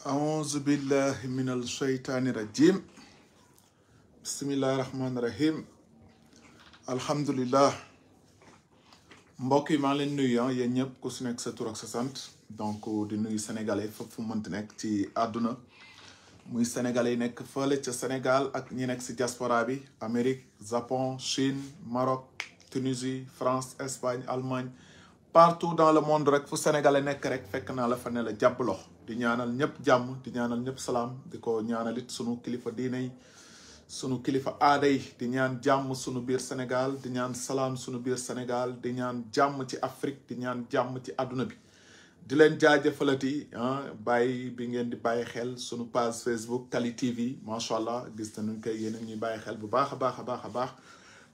أعوذ بالله من الشيطان الرجيم بسم الله الرحمن الرحيم الحمد yi maa leen nuyu ah yéen ñëpp ku si nekk sa tur ak sa sant donc di nuyu sénégalais fépp fu mënti nekk ci àdduna muy sénégalais nekk fële ca Sénégal ak ñi nekk si diaspora bi Amérique Japon Chine Maroc Tunisie France Espagne Allemagne partout dans le monde rek fu sénégalais nekk rek fekk naa la fa ne la jàpp loxo di ñaanal ñëpp jàmm di ñaanal ñëpp salaam di ko ñaanalit sunu kilifa diiney sunu kilifa aaday di ñaan jàmm sunu biir Sénégal di ñaan salaam sunu biir Sénégal di ñaan jàmm ci Afrique di ñaan jàmm ci àdduna bi di leen jaajëfalati ah bàyyi bi ngeen di bàyyi xel sunu page Facebook Tali TV macha allah gis nañu koy yéen a ngi ñuy bàyyi xel bu baax a baax a baax a baax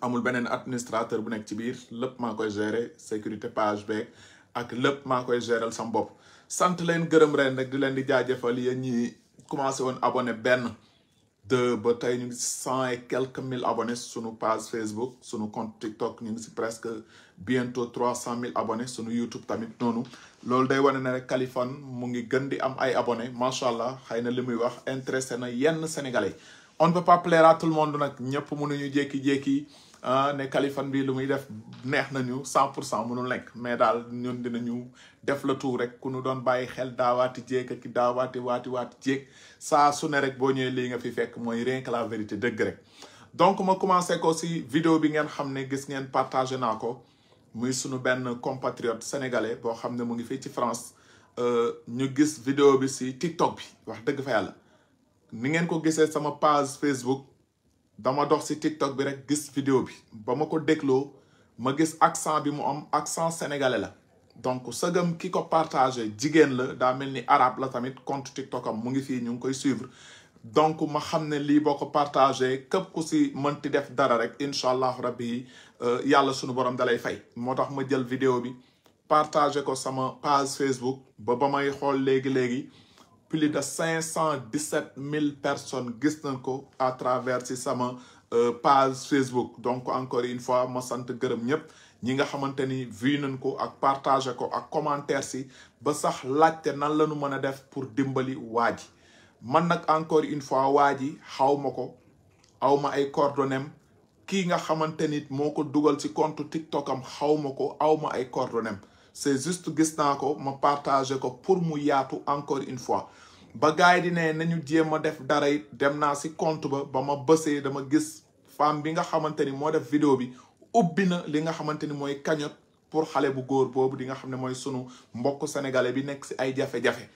amul benen administrateur bu nek ci bir lepp ma koy gérer sécurité page beeg ak lepp ma koy gérer sam bopp sante len gërëm reen nak di len di jaajëfal yéen ñi commencé won abonné ben de ba tay ñu ngi cent et quelques mille abonnés sunu page Facebook sunu compte TikTok ñu ngi presque bientôt trois cent mille abonnés sunu YouTube tamit nonu loolu day wone ne rek mu ngi gën di am ay abonnés machallah xayna limuy wax intéressé na yenn sénégalais on ne peut pas plaire à tout le monde nag ñëpp mënuñu qui jékki Ah, ne Kaliphone bi lu muy def neex nañu cent pour cent mënul nekk mais daal ñun dinañu def la tout rek ku nu doon bàyyi xel daawaati jéeg ki daawaati waati waati jéeg saa sune rek boo ñëwee lii nga fi fekk mooy rien que la vérité dëgg rek donc ma commencé ko si video bi ngeen xam ne gis ngeen partagé naa ko muy sunu benn compatriote sénégalais boo xam ne mu ngi fii ci France euh, ñu gis vidéo bi si TikTok bi wax dëgg fa yàlla ni ngeen ko gisee sama page Facebook dama dox ci TikTok bi rek gis vidéo bi ba ma ko dégloo ma gis accent bi mu am accent sénégalais la donc sëgam ki ko partagé jigéen la daa mel ni arab la tamit compte TikTok am mu ngi fii ñu ngi koy suivre donc ma xam ne lii boo ko partagé képp ku si mënti def dara rek incha allahu rabbi euh, yàlla sunu borom dalay fay moo tax ma jël vidéo bi partagé ko sama page Facebook ba ba may xool léegi-léegi plus de cinq cent dix-sept mille personnes gis nañ ko à travers si sama euh, page Facebook donc encore une fois ma sant gërëm ñëpp ñi nga xamante ni vu nañ ko ak partagé ko ak commentaire si ba sax laajte nan la ñu mën a def pour dimbali waa ji man nag encore une fois waa ji xaw ma ko aw ay coordonnées kii nga xamante ni moo ko dugal ci compte TikTok am xaw ma ko aw ma ay coordonnées c'est juste gis naa ko ma partagé ko pour mu yaatu encore une fois ba gars yi di ne nañu jéem a def dara it dem naa si compte ba ba ma bësee dama gis femme bi nga xamante ni moo def vidéo bi ubbi na li nga xamante ni mooy cagnotte pour xale bu góor boobu di nga xam ne mooy sunu mbokk sénégalais bi nekk si ay jafe-jafe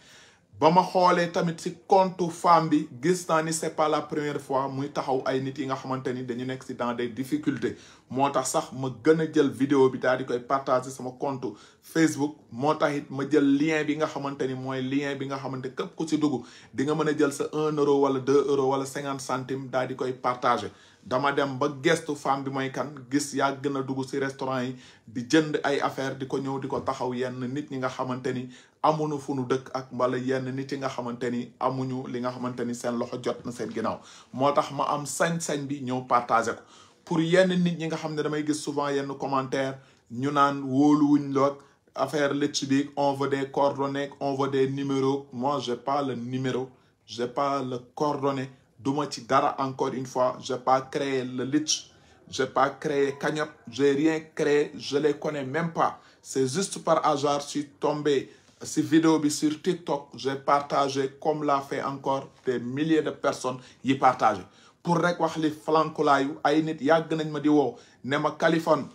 ba ma xoolee tamit ci compte femme bi gis na ni c'est pas la première fois muy taxaw ay nit yi nga xamanteni dañu nek ci dans des difficultés motax sax ma gëna jël vidéo bi daal di koy partager sama compte Facebook motax it ma jël lien bi nga xamanteni moy lien bi nga xamanteni kep ku ci dugg di nga mëna jël sa 1 euro wala 2 euro wala 50 centimes daal di koy partager dama dem ba guest femme bi moy kan gis ya gëna a dugg ci restaurant yi di jënd ay affaire di ko ñëw di ko taxaw yenn nit ñi nga xamanteni amuñu fu nu dëkk ak mbala yenn nit yi nga xamanteni amuñu li nga xamanteni ni seen loxo jot na seen ginnaaw motax ma am sañ-sañ bi partagé ko pour yenn nit ñi nga xamne damay gis souvent yenn commentaire ñu naan wuñ loog affaire le bi on veut des coordonnées on veut des numéros moi j'ai pas le numéro j'ai pas le coordonnées duma ci dara encore une fois j'ai pas créé le je j'ai pas créé cagnotte j'ai rien créé je les connais même pas c'est juste par hasard je suis tombé si vidéo bi sur TikTok j'ai partage comme l'a fait encore des milliers de personnes yi partage pour rek wax li flankulaayu ay nit yàgg nañ ma di woo ne ma Kaliphone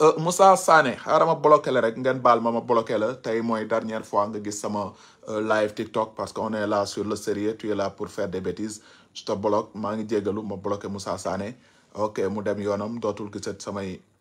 euh, Moussa Sané xaaral ma bloqué la rek ngeen baal ma ma bloqué la tey mooy dernière fois nga gis sama euh, live TikTok parce que on est là sur le sérieux tu es pour faire des bêtises je te bloque maa ngi jégalu ma bloqué Moussa Sané ok mu dem yoonam dootul gisat samay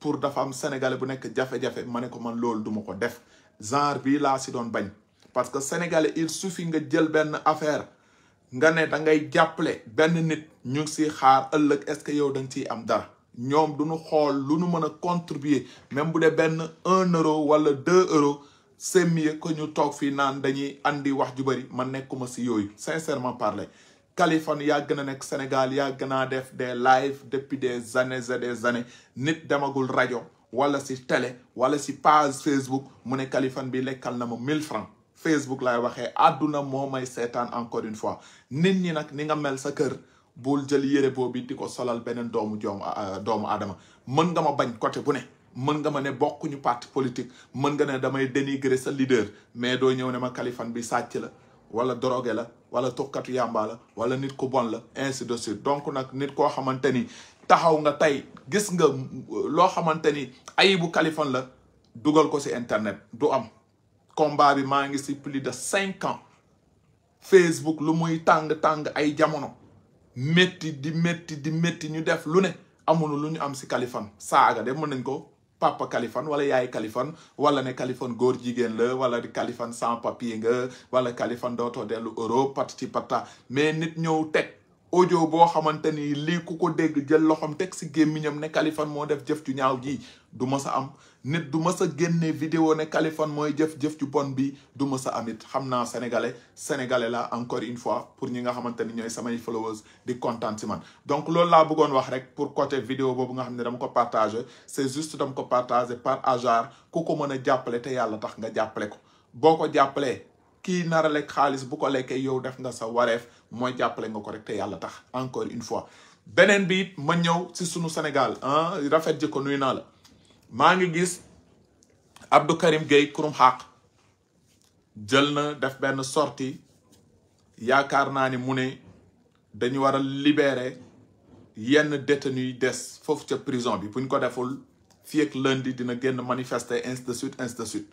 pour dafa am sénégalais bu nekk jafe-jafe ma ne ko man loolu duma ko def genre bii laa si doon bañ parce que sénégalais il fi nga jël benn affaire nga ne da ngay jàppale benn nit ñu si xaar ëllëg est-ce que yow dañ nga am dara ñoom du ñu xool lu nu mën a contribuer même bu dee benn un euro wala deux euros c'est mieux ñu toog fii naan dañuy andi wax ju bëri man nekkuma si yooyu sincèrement parle Kaliphone yàgg na nekk Sénégal yàgg naa def de live depuis des années et des années nit demagul rajo wala ci télé wala si page Facebook mu ne Kaliphone bi lekkal na ma 1000 francs Facebook laay waxee àdduna moo may seetaan encore une fois nit ñi nag ni nga mel sa kër bul jël yére boobu di ko solal beneen doomu joom doomu aadama mën nga ma bañ côté bu ne mën nga ma ne bokkuñu parti politique mën nga ne damay dénigrer sa leader mais doo ñëw ne ma kalifan bi sàcc la wala drogué la wala tukkatu yàmba la wala nit ku bon la ainsi de suite donc nag nit koo xamante ni taxaw nga tey gis nga euh, loo xamante ni ayibu Kaliphone la dugal ko ci internet du am combat bi maa ngi ci plus de cinq ans Facebook lu muy tàng-tàng ay jamono métti di métti di métti ñu def lu ne amul lu ñu am ci Kaliphone saaga de mën nañ ko papa Kaliphone wala yaay Kaliphone wala ne Kaliphone góor jigéen la wala kalifan sans papier nga wala Kaliphone dootoo dellu Europe patati pata mais nit ñëw teg. ojo boo xamante ni lii ku ko dégg jël loxoom teg si gémmiñam ne Kaliphone moo def jëf ju ñaaw ji du ma sa am nit du ma sa génne vidéo ne Kaliphone mooy jëf jëf ju bon bi du ma sa am xam naa sénégalais sénégalais la encore une fois pour ñi nga xamante ni ñooy samay followers di kontaan si man. donc loolu laa bëggoon wax rek pour côté vidéo boobu nga xam ne dama ko partagé c'est juste dama ko partagé par hasard ku ko mën a jàppale te yàlla tax nga jàppale ko boo ko jàppalee. Qui narale a bu ko yow def nga sa waref moy jappale nga ko rek encore une fois benen bi ma Sénégal ah, rafet nuy la gis Abdou Karim kurum na def ben sortie yaakar ni dañu yenn des prison bi buñ ko deful fi ak lundi dina manifester ainsi de suite ainsi suite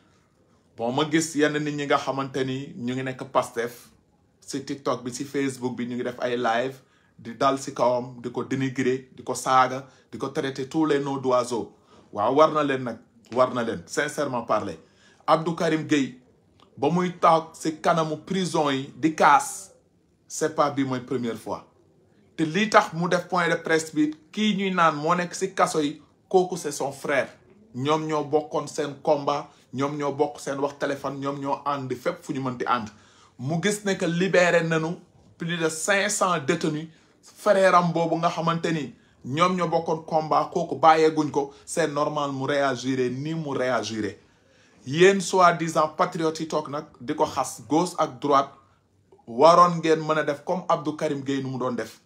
bon ma gis yenn nit ñi nga xamanteni ñu ngi nek TikTok bi Facebook bi ñu ngi def ay live di dal ci kawam dénigrer diko saga diko traiter tous les noms d'oiseaux wa war na l'en, sincèrement parler Abdou Karim Gueye ba muy se ci kanamu prison yi di c'est pas bi première fois point de presse bi ki ñuy naan mo nek ci kasso yi c'est son frère ñom ñoo bokkoon sen combat ñoom ñoo bokk seen wax téléphone ñoom ñoo ànd fépp fu ñu mën di ànd mu gis ne que libéré nañu plus de cinq cent détenus frère boobu nga xamante ni ñoom ñoo bokkoon combat kooku bàyyeeguñ ko seen normal mu réagiré nii mu réagiré yéen soi-disant patriotes yi toog nag di ko xas gauche ak droite waroon ngeen mën a def comme abdu Karim Gueye nu mu doon def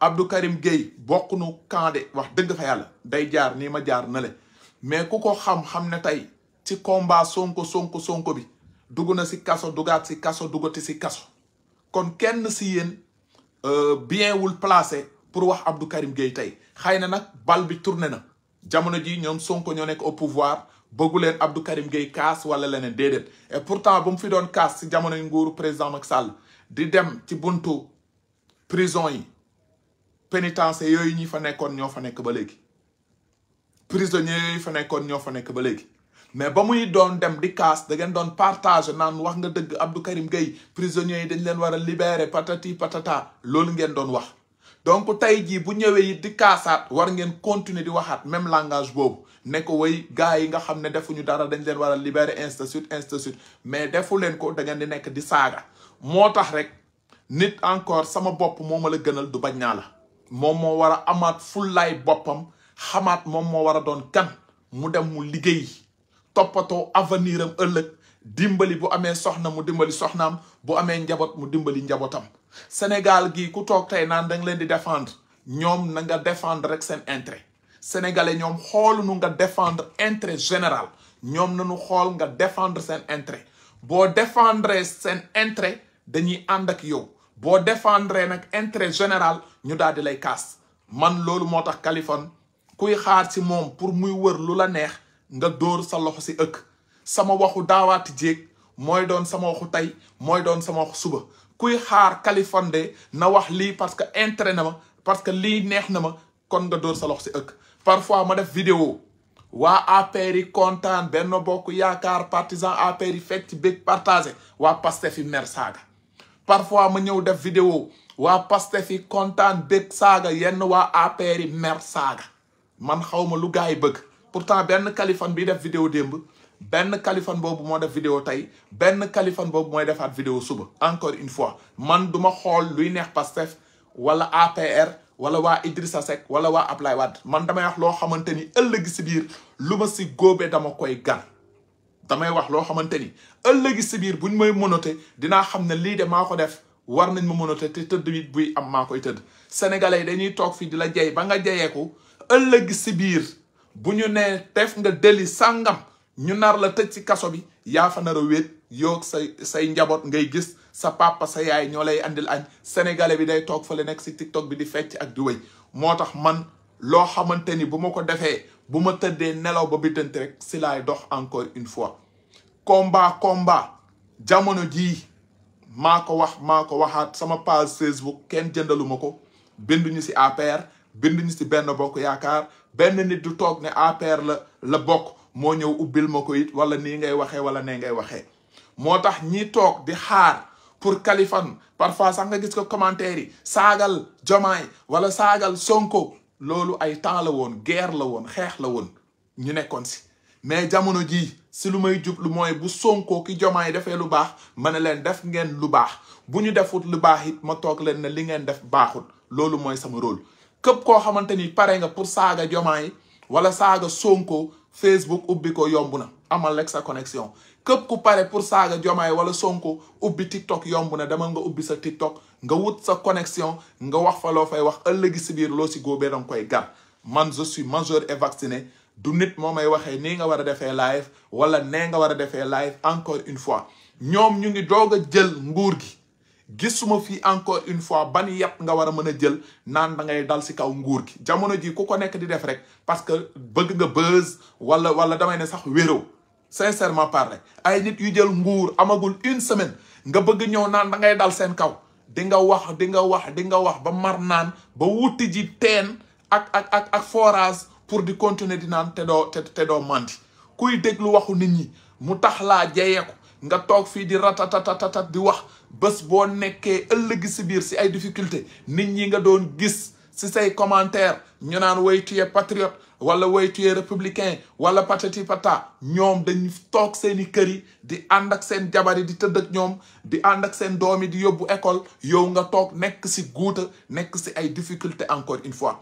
Abdou Karim Gueye bokk nu kande wax dëgg fa yàlla day jaar nii ma jaar nale mais ku ko xam-xam ne tey ci combat sonko sonko sonko bi dugg na si kaso dugaat si kaso duggati si kaso kon kenn si yéen euh, bien wul placé pour wax abdu Karim Gueye tey xëy na nag bal bi tourné na jamono ji ñoom sonko ñoo nekk au pouvoir bëggu leen Karim Gueye kaas wala leneen déedéet et pourtant bu mu fi doon kaas si jamono nguuru président mag Sall di dem ci buntu prison yi pénitencier yooyu ñi fa nekkoon ñoo fa nekk ba léegi prisonniers yooyu fa nekkoon ñoo fa nekk ba léegi mais ba muy doon dem di kaas da ngeen doon partage naan wax nga dëgg Abdou Karim Gueye prisonniers yi dañ leen war a libérer patati patata loolu ngeen doon wax donc tey jii bu ñëwee yi di kaasaat war ngeen continuer di waxaat même langage boobu ne ko way gars yi nga xam ne defuñu dara dañ leen war a libérer ainsi de mais defu leen ko da ngeen di nekk di saaga moo tax rek nit encore sama bopp moo a la gënal du bañ naa la moom moo war a amaat fullaay boppam xamaat moom moo war a doon kan mu dem mu liggéey toppatoo avenir am ëllëg dimbali bu amee soxna mu dimbali soxnaam bu amee njaboot mu dimbali njabootam Sénégal gi ku toog tey naan danga leen di défendre ñoom na nga défendre rek seen intérêt sénégalais ñoom xool nga défendre intérêt général ñoom nañu xool nga défendre seen intérêt boo défendre seen intérêt dañuy ànd ak yow boo défendre nag intérêt général ñu daal di lay kaas man loolu moo tax Kaliphone kuy xaar ci moom pour muy wër lu la neex nga dóor sa loxo si ëkk sama waxu daawaati jéeg mooy doon sama waxu tey mooy doon sama waxu suba kuy xaar Kaliphone na wax lii parce que intérêt na ma parce que lii neex na ma kon nga dóor saloxo loxo si ëkk parfois ma def vidéo waa APR yi kontaan benn bokk yaakaar partisan APR yi fekk ci bëgg partagé waa Pastef fi mer saaga parfois ma ñëw def vidéo waa Pastef fi kontaan bëgg saaga yenn waa APR yi mer saaga man xaw ma lu gars yi bëgg pourtant benn Kaliphone bi def vidéo démb benn Kaliphone boobu moo def vidéo tey benn Kaliphone boobu mooy defaat vidéo suba encore une fois man duma xool luy neex Pastef wala APR wala waa Idrissa Seck wala waa Ablaye Wade man damay wax loo xamante ni ëllëg si biir lu ma si góobee dama koy gar damay wax loo xamante ni ëllëg si biir buñ may monote dinaa xam ne lii de maa ko def war nañ ma monote te tëdd it buy am maa koy tëdd sénégalais yi dañuy toog fii di la jey ba nga jeyeeku ëllëg si biir bu ñu nee def nga deli sàngam ñu nar la tëj ci kaso bi yaa fa nar a wéet yoog say njaboot ngay gis sa papa sa yaay ñoo lay andil añ sénégalais bi day toog fa fële nekk si tiktok bi di fecc ak di wëy moo tax man loo xamante ni bu ma ko defee bu ma tëddee nelaw ba bittanti rek si laay dox encore une fois komba komba jamono jii maa ko wax maa ko waxaat sama page Facebook kenn jëndaluma ko binduñu si APR bind ñu si benn bokk yaakaar benn nit du toog ne APR la la bokk moo ñëw ubbil ma ko wala nii ngay waxee wala nee ngay waxee moo tax ñii toog di xaar pour kalifan parfois sax nga gis ko commentaire yi saagal Jomaay wala saagal Sonko loolu ay temps la woon guerre la woon xeex la woon ñu nekkoon si mais jamono ji si lu may jublu mooy bu Sonko ki Jomaay defee lu baax ma ne leen def ngeen lu baax bu ñu defut lu baax it ma toog leen ne li ngeen def baaxut loolu mooy sama rôle képp koo xamante ni pare nga pour saaga yi wala saaga Sonko Facebook ubbi ko yomb na amal rek sa connexion képp ku pare pour saaga Diomaye wala Sonko ubbi TikTok yomb na demal nga ubbi sa TikTok nga wut sa connexion nga wax fa loo fay wax ëllëgi si biir loo si góobee danga koy gar man je suis majeur et vacciné du nit moo may waxee nii nga war a defee live wala nee nga war a defee live encore une fois ñoom ñu ngi doog a jël nguur gi gisuma fii encore une fois ban yàpp nga war a mën a jël naan da ngay dal si kaw nguur gi jamono ji ku ko nekk di def rek parce que bëgg nga buzz wala wala damay ne sax wéro sincèrement parler ay nit yu jël nguur amagul une semaine nga bëgg ñëw naan da ngay dal seen kaw di nga wax di nga wax di nga wax ba mar naan ba wuti ji teen ak ak ak forage pour di continuer di naan te doo te te doo mandi kuy déglu waxu nit ñi mu tax laa jeyee nga toog fii di ratatatatat di wax bés boo nekkee ëllëg si biir si ay difficulté nit ñi nga doon gis si say commentaire ñu naan way tu es patriote wala way tu es républicain wala patati pata ñoom dañ toog seen i kër yi di ànd ak seen jabari di tëdd ak ñoom di ànd ak seen doomi di yóbbu école yow nga toog nekk si guuta nekk si ay difficulté encore une fois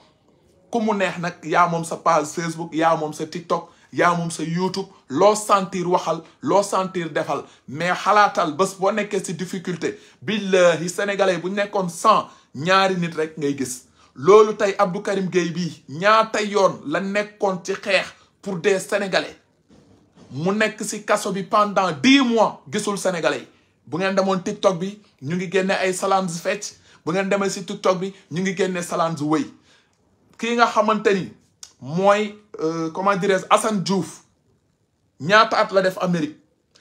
ku mu neex nag yaa moom sa page Facebook yaa moom sa TikTok ya mom sa youtube lo sentir waxal lo sentir defal mais halatal bés bo nekkee ci difficulté billahi sénégalais bu nekkoon cent ñaari nit rek ngay gis loolu tay Abdou Karim Gueye bi ñaata yoon la ci pour des sénégalais mu nekk si kaso bi pendant dix mois gisul sénégalais bu ngeen demone tiktok bi ñu ngi génne ay salands fecc bu ngeen tiktok bi ñu ngi génne salands wey ki nga xamanteni mooy euh, comment dirais je Assane Diouf ñaata at la def Amérique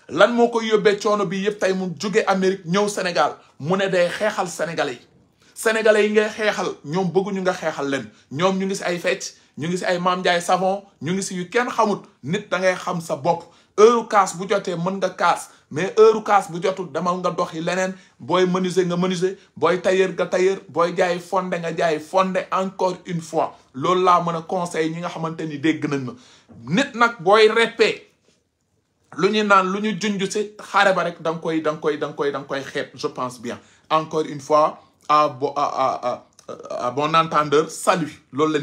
lan moo koy yóbbee coono bi yëpp tey mu jóge Amérique ñëw Sénégal mu ne day xeexal sénégalais yi sénégalais yi ngay xeexal ñoom bëgguñu nga xeexal leen ñoom ñu ngi si ay fecc ñu ngi ay Savon ñu ngi yu kenn xamut nit da mais bu jotul nga doxi Boy nga encore une fois conseil dégg nit je pense bien encore une fois à bon entendeur salut lool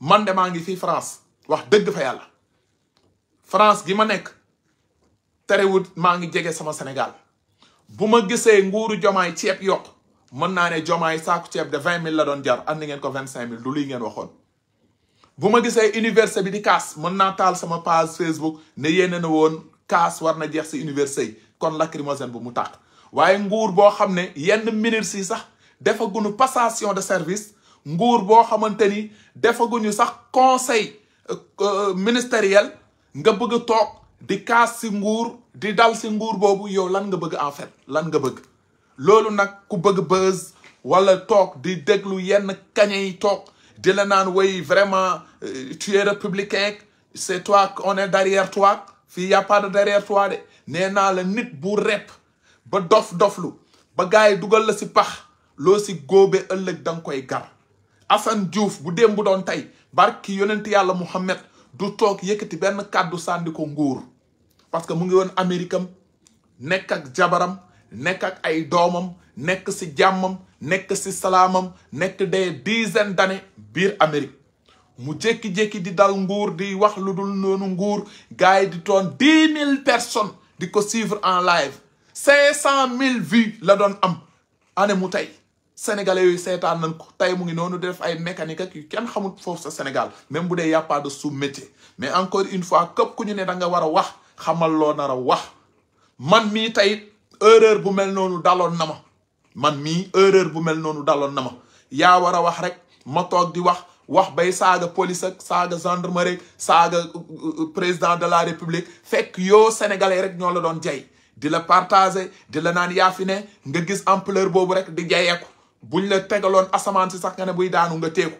man de maa ngi fii France wax dëgg fa yàlla France gi ma nekk tere wut maa ngi jege sama Sénégal bu ma gisee nguuru jomaay ceeb yokk mën naa ne jomaay saaku ceeb de vingt mille la doon jar andi ngeen ko vingt cinq mille du luy ngeen waxoon bu ma gisee université bi di kaas mën naa taal sama page Facebook ne yéene na woon kaas war na jeex si université yi kon lacrymogène bu mu tàq waaye nguur boo xam ne yenn ministres yi sax defagunu passation de service nguur boo xamante ni defaguñu sax conseil euh, euh, ministériel nga bëgg a toog di kaas si nguur di dal si nguur boobu yow lan nga bëgg en fait lan nga bëgg loolu nag ku bëgg buzz wala toog di déglu yenn kañe yi toog di la naan way vraiment euh, tu es républicain c'est toi on est derrière toi fii y a pas de de nee naa la nit bu rep ba dof doflu ba gars yi dugal la si pax loo si góobee ëllëg dang koy gar Assane Diouf bu démb bu doon tey barki yonent yàlla Mouhamed du toog yëkkati benn kàddu sànni ko nguur parce que mu ngi woon Amérique nekk ak jabaram nekk ak ay doomam nekk si jàmmam nekk si salaamam nekk des dizaines d'années biir Amérique mu jékki-jékki di dal nguur di wax lu dul noonu nguur gars yi di toon dix mille personnes di ko suivre en live cinq cent mille vues la doon am année mu tey sénégale yooyu seetaan nañ ko tey mu ngi noonu def ay mécanique ak yu kenn xamul foofu sa Sénégal même bu dee y a pas sous-métier mais encore une fois képp ku ñu ne da war a wax xamal loo nar wax man mi tey erreur bu mel noonu daloon na ma man mii erreur bu mel noonu daloon na ma yaa war a wax rek ma toog di wax wax bay saaga police ak saaga gendarmerie saaga euh, euh, euh, président de la république fekk yoo sénégalais rek ñoo la doon jay di la partager di la naan yaa fi ne nga gis ampleur boobu rek di jayeeku buñ la tegaloon asamaan si sax nga ne buy daanu nga teeku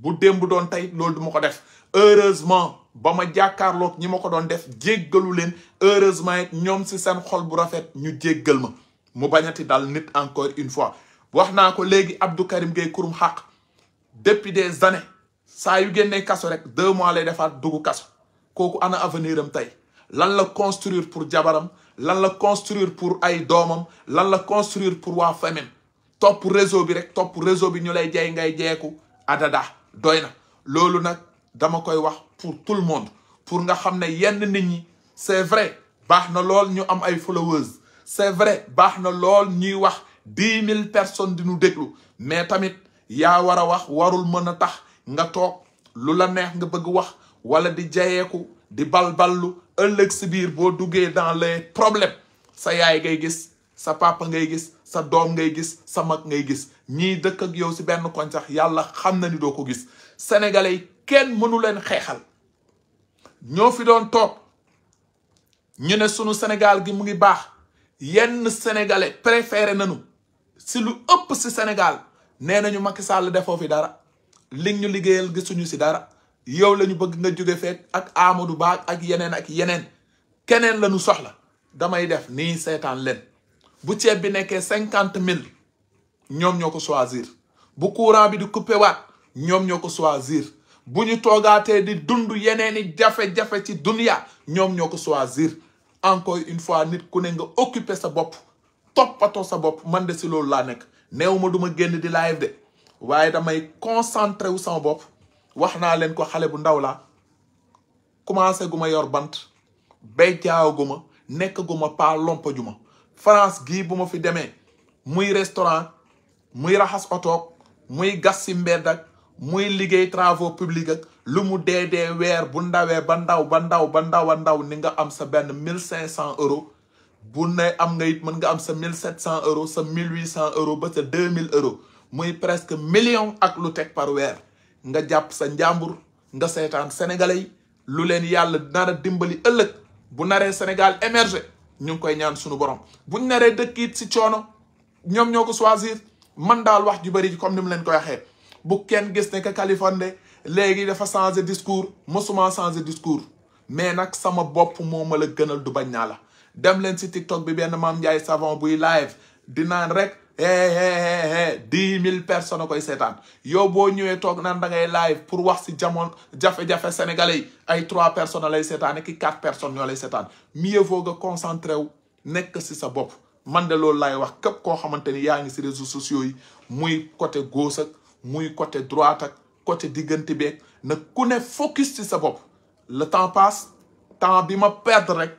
bu démb doon tey loolu du ma ko def heureusement ba ma jàkkaarloog ñi ma ko doon def jéggalu leen heureusement it ñoom si seen xol bu rafet ñu jéggal ma mu bañati dal nit encore une fois wax naa ko léegi Abdou Karim Gueye kurum xaq depuis des années saa yu génnee kaso rek deux mois lay defaat dugg kaso kooku ana avenir am tey lan la construire pour jabaram lan la construire pour ay doomam lan la construire pour waa topp réseau bi rek topp réseau bi ñu lay jay ngay jeeku adada doy na loolu nag dama koy wax pour tout le monde pour nga xam ne yenn nit ñi c'est vrai baax na lool ñu am ay followers c'est vrai baax na lool ñuy wax dix mille personnes di ñu déglu mais tamit yaa war a wax warul mën a tax nga toog lu la neex nga bëgg wax wala di jayeeku di balballu ëllëg si biir boo duggee dans les problème sa yaay ngay gis sa papa ngay gis sa doom ngay gis sa mag ngay gis ñiy dëkk ak yow si benn koñ sax yàlla xam nañu doo ko gis sénégalais kenn mënu leen xeexal ñoo fi doon toog ñu ne sunu senegal gi mu ngi baax yenn sénégalais préféré nañu si lu ëpp si senegal nee nañu Macky Sall defoo fi dara li ñu liggéeyal gisuñu si dara yow lañu bëgg nga jóge feet ak Amadou Ba ak yeneen ak yeneen keneen lañu soxla damay def nii seetaan leen. bu ceeb bi nekkee cinquante mille ñoom ñoo ko choisir bu courant bi di coupé waat ñoom ñoo ko choisir bu ñu toogaatee di dund yeneeni jafe-jafe ci dunia ñoom ñoo ko choisir encore une fois nit ku ne nga occuper sa bopp toppatoo sa bopp man de si loolu laa nekk néew ma du ma génn di live de waaye damay concentré wu sama bopp wax naa leen ko xale bu ndaw laa commencé gu ma yor bant bay jaawaguma nekk gu ma paa lompa ju ma France gi bu restaurant muy rahas auto, muy travaux publics lu mu dédé bu ba ndaw ba ndaw ba ndaw am sa euros bu am am euros sa euros ba sa euros presque million ak lu par nga japp sa nga sétane sénégalais lu Sénégal ñu ngi koy ñaan suñu borom ñu naree dëkk it si coono ñoom ñoo ko choisir man daal wax ju bëri comme ni mu leen koy waxee bu kenn gis ne que Kaliphone léegi dafa changé discours mosuma changé discours mais nag sama bopp moo a la gënal du bañ naa la dem leen si TikTok bi benn maam Ndiaye savon buy live naan rek dix mille personne a koy seetaan yow boo ñëwee toog naan da ngay live pour wax si jamono jafe-jafe sénégalais yi ay trois personnes lay seetaan ki quatre personne ñoo lay seetaan mieux vaut nga wu nekk si sa bopp man de loolu laay wax képp koo xamante ni yaa ngi si réseaux sociaux yi muy côté gauche muy côté droite ak côté diggante beeg na ku ne focus ci sa bopp le temps passe temps bi ma perdre rek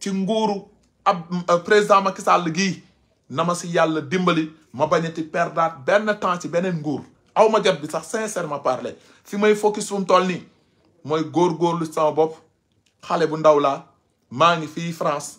ci nguuru ab euh, président Macky Sall gii na ma si yàlla dimbali ma bañati perdaat benn temps ci beneen nguur aw ma jot bi sax ma parler fi may focus fu mu toll nii mooy góor-góorlu sama bopp xale bu ndaw laa maa ngi fii France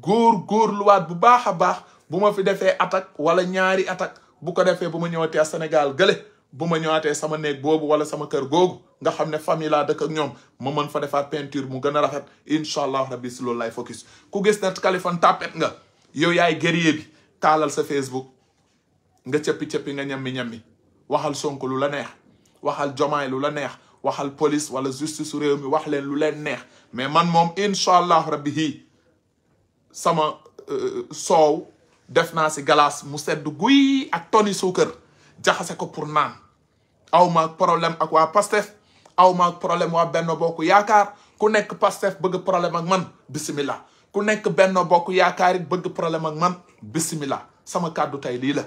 góor-góorluwaat bu baax a baax bu ma fi defee attaque wala ñaari attaque bu ko defee bu ma ñëwatee à Sénégal gële bu ma ñëwaatee sama néeg boobu wala sama kër googu nga xam ne famille laa dëkk ak ñoom ma mën fa defaat peinture mu gën a rafet incha allah rabbi si loolu lay focus ku gis ne Kaliphone tapet nga yow yaay guerrier bi. talal sa Facebook nga cëppi-cëppi nga ñammi-ñammi waxal sonku lu la neex waxal Jomaay lu la neex waxal police wala justice rew mi wax leen lu leen neex mais man mom inshallah allah rabbi sama soow defna ci si mu sedd guuy ak toni suukar jaxase ko pour nan aw ma problème ak wa Pastef aw ma problème wa Benno bokku Yaakaar ku nek Pastef bëgg problème ak man bismillah ku nekk Benno Bokk Yaakaar it bëgg problème ak man bisimilah sama kàddu tey lii la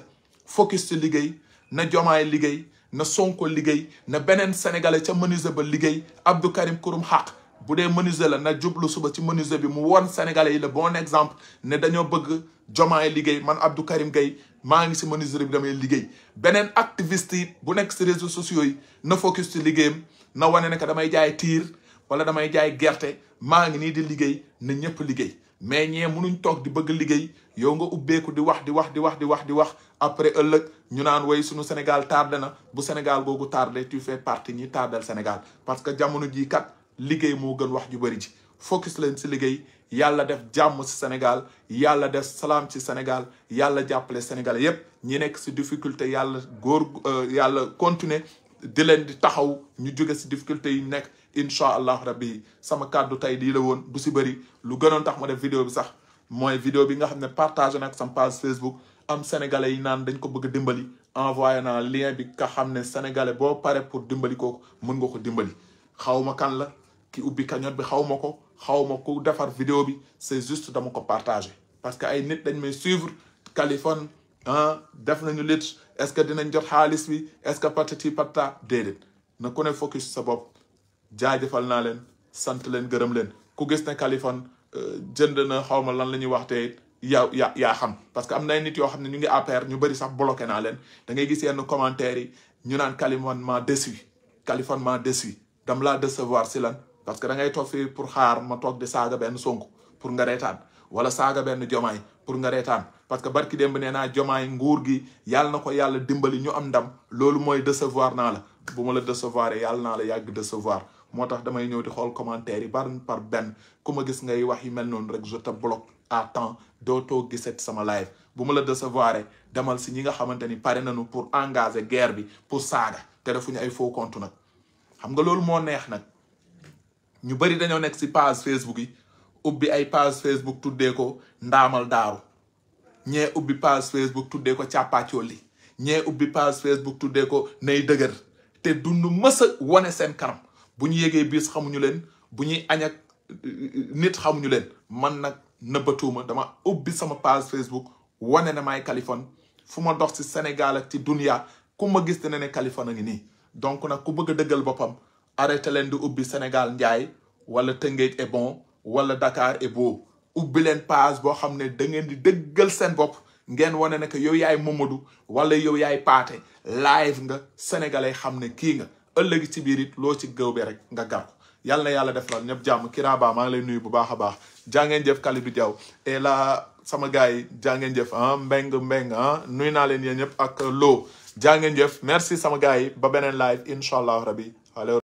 focus ci liggéey na Jomaay liggéey na Sonko liggéey na beneen sénégalais ca menuisier ba liggéey Abdou Karim Kurum xaq bu dee menuisier la na jublu suba ci menuisier bi mu woon sénégalais yi le bon exemple ne dañoo bëgg Jomaay liggéey man Abdou Karim Gueye maa ngi si menuisier bi damay liggéey beneen activiste yi bu nekk si réseaux sociaux yi na focus ci liggéeyam na wane ne que damay jaay tiir wala damay jaay gerte maa ngi nii di liggéey na ñëpp liggéey mais ñee munuñ toog di bëgg liggéey yow nga ubbeeku di wax di wax di wax di wax di wax après ëllëg ñu naan way suñu Sénégal tardé na bu Sénégal googu tardé tu fais partie ñi tardal Sénégal parce que jamono jii kat liggéey moo gën wax ju bëri ji focus leen si liggéey yàlla def jàmm si Sénégal yàlla def salaam ci Sénégal yàlla jàppale Sénégal yépp ñi nekk si difficulté yàlla góor euh, yàlla continuer di leen di taxaw ñu jóge si difficulté yi nekk inshallah rabbi sama kàddu tay di la woon du si lu gënoon tax ma def vidéo bi sax moy vidéo bi nga xamné ne nak nag sama page Facebook am sénégalais yi nan dañ ko bëgg dimbali envoyé lien bi Kahamne xamné sénégalais bo paré pour dimbali kooku mën nga ko dimbali xawma kan la ki ubbi cagnotte bi vidéo bi c'est juste dama ko partager parce que ay nit dañ may suivre téléphone, hein, def nañu lit est-ce que dinañ jot xaalis bi est-ce que patati patta délit? na ko ne focus sa bopp jaajëfal naa leen sant leen gërëm leen ku gis ne Kaliphone euh, jënd na xaw ma lan la ñuy wax te yaa yaa xam parce que am na nit yoo xam ne ñu ngi APR ñu bëri sax bloqué naa leen dangay ngay gis yenn commentaire yi ñu naan Kaliphone ma déçu Kaliphone ma déçu dam laa décevoir si lan parce que da ngay toog fii pour xaar ma toog di saaga benn Sonko pour nga wala saaga benn jomaay pour ngareetaan parce que barki démb nee naa jomaay nguur gi yàlla na ko yàlla dimbali ñu am ndam loolu mooy décevoir naa la bu ma la décevoir yàlla naa la yàgg décevoir moo tax damay ñëw di xool commentaire yi par par benn ku ma gis ngay wax yi mel noonu rek je te bloque à temps gi gisat sama live bu ma la décevoir demal si ñi nga xamante ni pare nañu pour engager guerre bi pour saaga te defuñu ay faux compte nag xam nga loolu moo neex nag ñu bëri dañoo nekk si page Facebook yi ubbi ay page Facebook tuddee ko ndaamal daaru ñee ubbi page Facebook tuddee ko càppaacooli ñee ubbi page Facebook tuddee ko nay dëgër te dund mës wane seen kanam bu ñu yegee biis xamuñu leen bu ñuy añ euh, nit xamuñu leen man nag nëbbatuuma dama ubbi sama page Facebook wane na maay Kaliphone fu ma dox ci Sénégal ak ci dunia ku ma gis dina ne Kaliphone a ngi nii donc nag ku bëgg a dëggal boppam arrêté leen di ubbi Sénégal njaay wala Tëngéej est wala Dakar est ubbi leen page boo xam ne da ngeen di dëggal seen bopp ngeen wane ne yow yaay Momadou wala yow yaay Paate live nga sénégalais xam ne kii nga léegi ci biir it loo ci gëw bi rek nga gar ko yàlla yàlla def la ñëpp jàmm Kiraba maa ngi lay nuyu bu baax a baax jàngeen jëf Kalidou Diaw et sama gars yi jàngeen jëf ah mbeng mbeng ah nuyu naa leen yéen ñëpp ak loo jàngeen jëf merci sama gars yi ba beneen live incha allah rabi